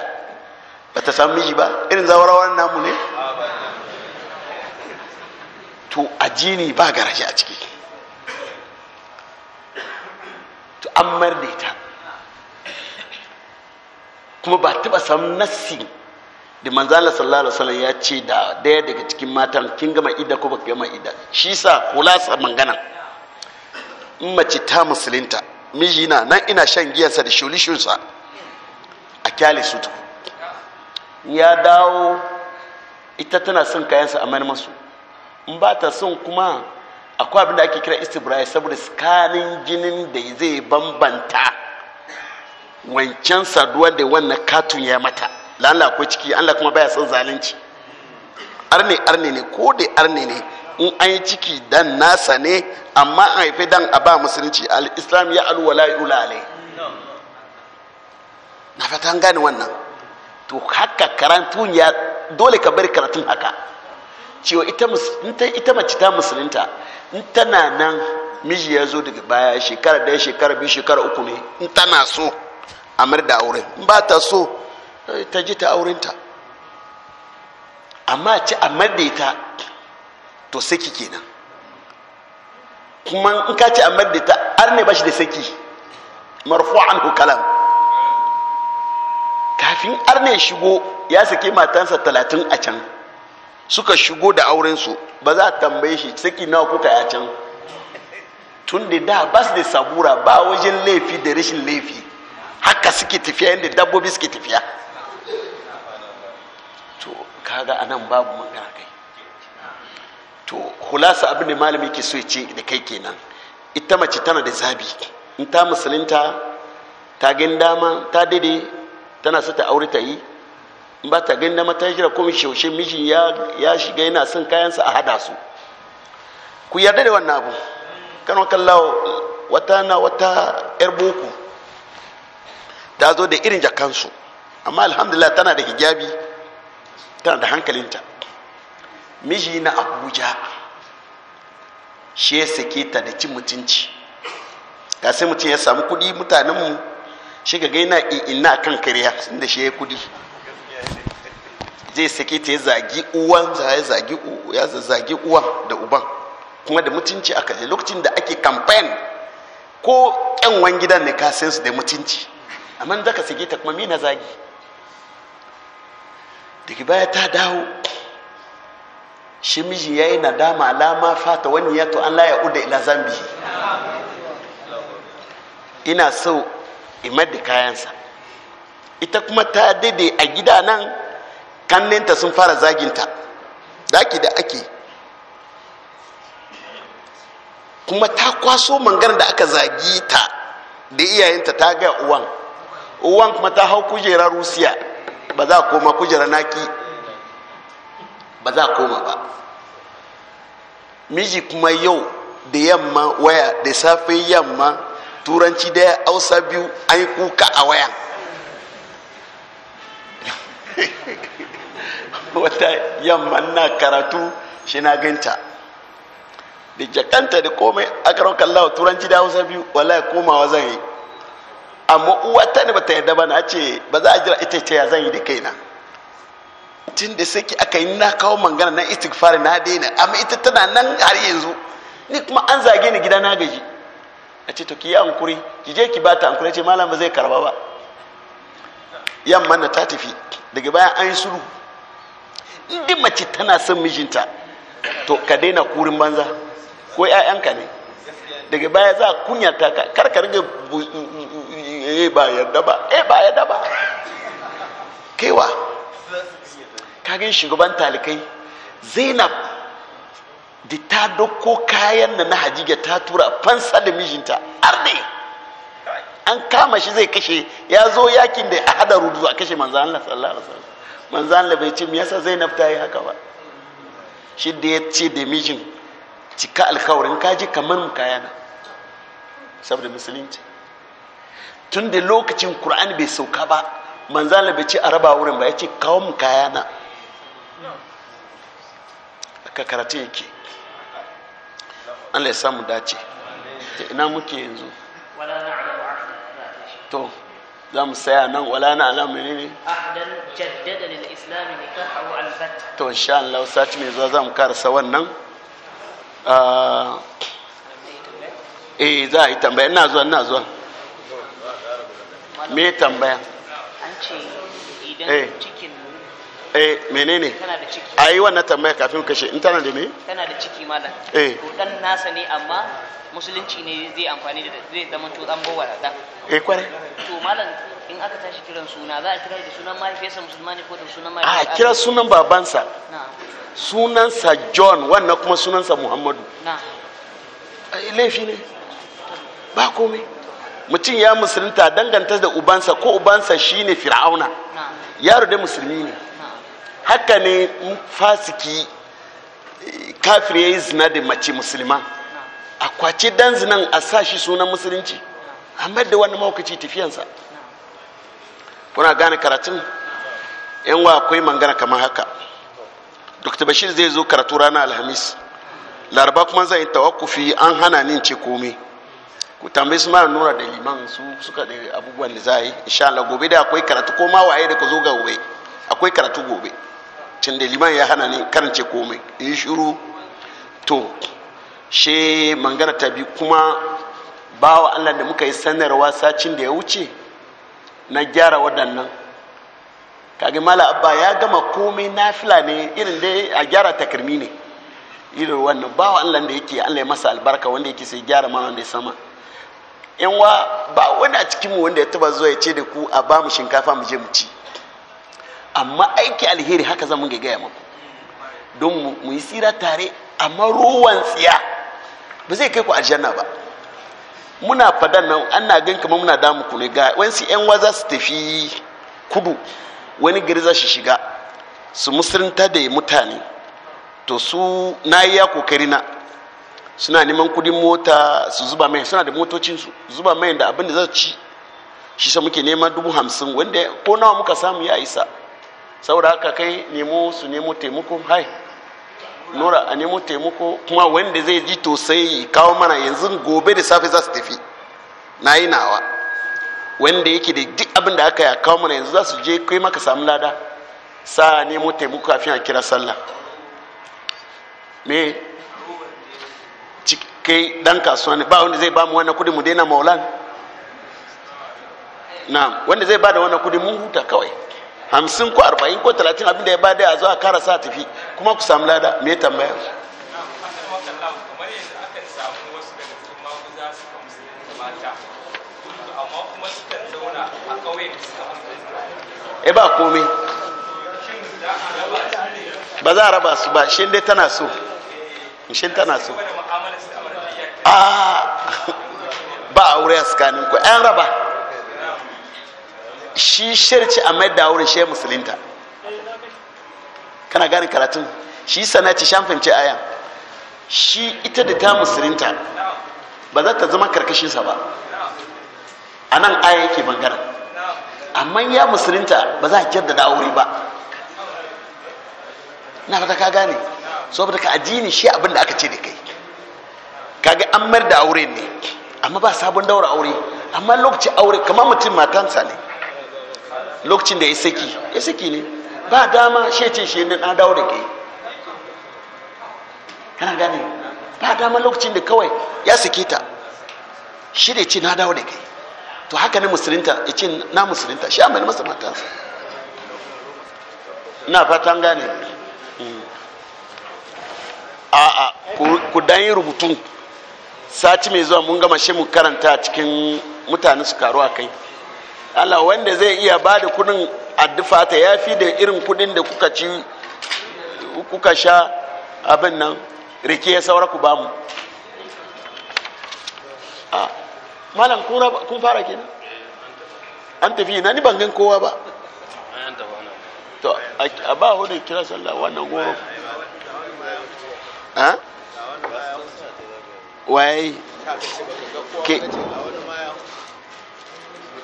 ba ta samu miji ba irin zawarawar namu ne to a jini ba garaje a ciki to an mar da ita kuma ba taba san nassi da manzala sallallahu alaihi wasallam ya ce da daya daga cikin matan kin gama idda ko baka gama idda shi sa kulasa mangana in mace ta musulunta miji na nan ina shan giyansa da shulishinsa a kyale su ya dawo ita tana son kayansa a masu in ba ta son kuma akwai abin da ake kira istibrai saboda tsakanin jinin da zai bambanta wancan saduwa da wannan katun ya mata lalla ko ciki allah kuma baya son zalunci arne arne ne ko da arne ne in an yi ciki dan nasa ne amma an haifi dan a ba musulunci al-islam ya alwala yulale na fatan gane wannan to haka karantun ya dole ka bari karatun haka cewa ita mace ta musulunta in tana nan miji ya zo daga baya shekara da shekara biyu shekara uku ne in tana so amar da auren ba ta so eh, ta ji ta aurenta amma ci a da to saki kenan kuma in ka ci a da ita har ne ba shi da saki marfu'an kalam kafin arne shigo ya saki matansa talatin a can suka shigo da aurensu ba za a tambaye shi saki nawa kuka ya can tun da da su da sabura ba wajen laifi da rashin laifi haka suke tafiya yadda dabbobi suke tafiya to kaga anan babu magana kai to hulasa abin da malami ke so ce da kai kenan ita mace tana da zabi in ta musulunta ta gan dama ta dade tana sata aure ta yi in ba ta gan dama ta kira komai shaushe mijin ya shiga yana son kayansa a hada su ku yarda da wannan abu kan kallawa wata na wata yar boko ta zo da irin jakansu amma alhamdulillah tana da hijabi tana da hankalinta miji na abuja shi ya sake ta da cin mutunci ga sai mutum ya samu kudi mutanenmu shi ga gaina inna kan kariya da shi ya kudi zai sake ta ya zagi uwan ya zagi uwan da uban kuma da mutunci a lokacin da ake campaign ko wan gidan ne ka su da mutunci amma ka sige ta kuma na zagi daga baya ta dawo shi miji ya yi nadama alama fata wani ya to Allah ya uda ila zambi ina so imar da kayansa ita kuma ta dade a gida nan kanninta sun fara zaginta daki da ake kuma ta kwaso mangar da aka zagi ta da iyayenta ta ga uwan uwan kuma ta hau kujera rusiya ba za koma kujera naki ba za koma ba miji kuma yau da yamma waya da safe yamma turanci da ausa biyu an yi kuka a wayan wata yamma na karatu shi na ganta da jakanta da komai a akarar kallawa turanci da hausa biyu wallahi komawa zan yi amma ta ne bata yarda ba na ce ba za a jira ita ce ya zan yi da kaina tun da sai aka yi na kawo mangana na istighfar na daina amma ita tana nan har yanzu ni kuma an zage ni gida na gaji a ce to ki yi ankuri ki je ki bata ankuri ce malam ba zai karba ba yamma na ta tafi daga bayan an yi sulu inda mace tana son mijinta to ka daina kurin banza ko 'ya'yanka ne daga baya za a kunyata ka ga ya eh, ba yarda ba eh ba yarda ba kaiwa kagin shugaban talikai zainab da ta doko kayan na na hajjiga ta tura fansa da mijinta arne an kama shi zai kashe ya zo yakin da a hada rudu a kashe manzan Allah sallallahu alaihi wasallam manzan Allah bai ce me yasa Zainab ta yi haka ba shi da ya ce da mijin cika alkawarin kaji kamar kayana saboda musulunci tun da lokacin kur'ani bai sauka ba manzala bai ce a raba wurin ba ya ce kawo mu kayana aka karatu yake an lai samu dace ina muke yanzu to za mu saya nan wala na alamu ne ne to sha Allah sati mai zuwa za mu karasa wannan ah, eh za a yi tambaya ina zuwa ina zuwa me tambaya an ce ne. eh menene a yi wannan tambaya kafin kashe in tana da me tana da ciki malam eh to dan nasa ne amma musulunci ne zai amfani da zai zama to dan bawa da eh kware to malam in aka tashi kiran suna za a kira da sunan mahaifiyarsa musulmani ko da sunan ah, mahaifiyarsa a kira sunan babansa sunansa john wannan kuma sunansa muhammadu na eh, laifi ne ba komai mutum ya musulunta danganta da ubansa ko ubansa shine fir'auna yaro da musulmi ne haka ne fasiki kafir ya yi zina da mace musulma a kwace dan zinan a sa shi sunan musulunci amma da wani maukaci tafiyansa kuna gane karatun yan wa akwai mangana kamar haka dr bashir zai zo karatu ranar alhamis laraba kuma zan yi tawakufi an hana nin ce komai ku tambayi su mara nura da liman su suka da abubuwan da za a yi insha Allah gobe da akwai karatu ko ma waye da ka zo ga gobe akwai karatu gobe can da liman ya hana ni karance komai in shiru to she mangara ta bi kuma bawa Allah da muka yi sanarwa sacin da ya wuce na gyara waɗannan kage mala abba ya gama komai nafila ne irin dai a gyara takirmi ne irin wannan bawa Allah da yake Allah ya masa albarka wanda yake sai gyara mana wanda sama yanwa ba wani a cikinmu wanda ya taba zuwa ya ce da ku a ba mu shinkafa mu je mu ci amma aiki alheri haka zan ga gaya muku don mu yi tsira tare amma ruwan tsiya ba zai kai ku aljanna ba muna fadan nan an na gan kamar muna damu ku ne ga wani yan za su tafi kudu wani gari za su shiga su musulunta da mutane to su na yi ya kokari na suna neman kudin mota su zuba mai suna da motocin su zuba mai da abin da za ci shi sa muke neman dubu hamsin wanda ko nawa muka samu ya isa saboda haka kai nemo su nemo taimako hai nura a nemo taimako kuma wanda zai ji tosai kawo mana yanzu gobe da safe za su tafi na yi nawa wanda yake da duk abin da aka ya kawo mana yanzu za su je kai maka samu lada sa nemo taimako kafin a kira sallah me kai dan kasuwa ne ba wanda zai ba mu wannan kudi mu daina maulan na wanda zai ba da wannan kudi mun huta kawai hamsin ko arba'in ko talatin abinda ya ba da a zo a kara sa tafi kuma ku samu lada me tambaya e ba komai ba za a raba su ba shi dai tana so shi tana so a ba aure a tsakanin ku an raba shi shirci a mai da aure shi musulinta kana gane karatun shi sanaci ci shamfince ayan shi ita da ta musulinta ba za ta zama karkashinsa ba a nan aya yake bangaren amma ya musulinta ba za a da aure ba na fata ka gane saboda ka addini shi abin da aka ce da kai kaga an mayar da aure ne amma ba sabon daura aure amma lokacin aure kama mutum matansa ne lokacin da ya saki ya saki ne ba dama shi ce shi ne na daura ke kana gane ba dama lokacin da kawai ya saki ta shi da ce na daura ke to haka ne musulunta ya ce na musulunta shi amma masa matansa na fatan gane hmm. a'a ku dan yi rubutun sati mai zuwa mun gama shi mu karanta cikin mutane su karu a kai allah wanda zai iya ba da kudin addufa ta ya fi da irin kudin da kuka ci kuka sha abin nan rike ya saura ku bamu a malam kun fara kenan an tafi na ni ban gan kowa ba to a ba hudu kira sallah wannan goro wai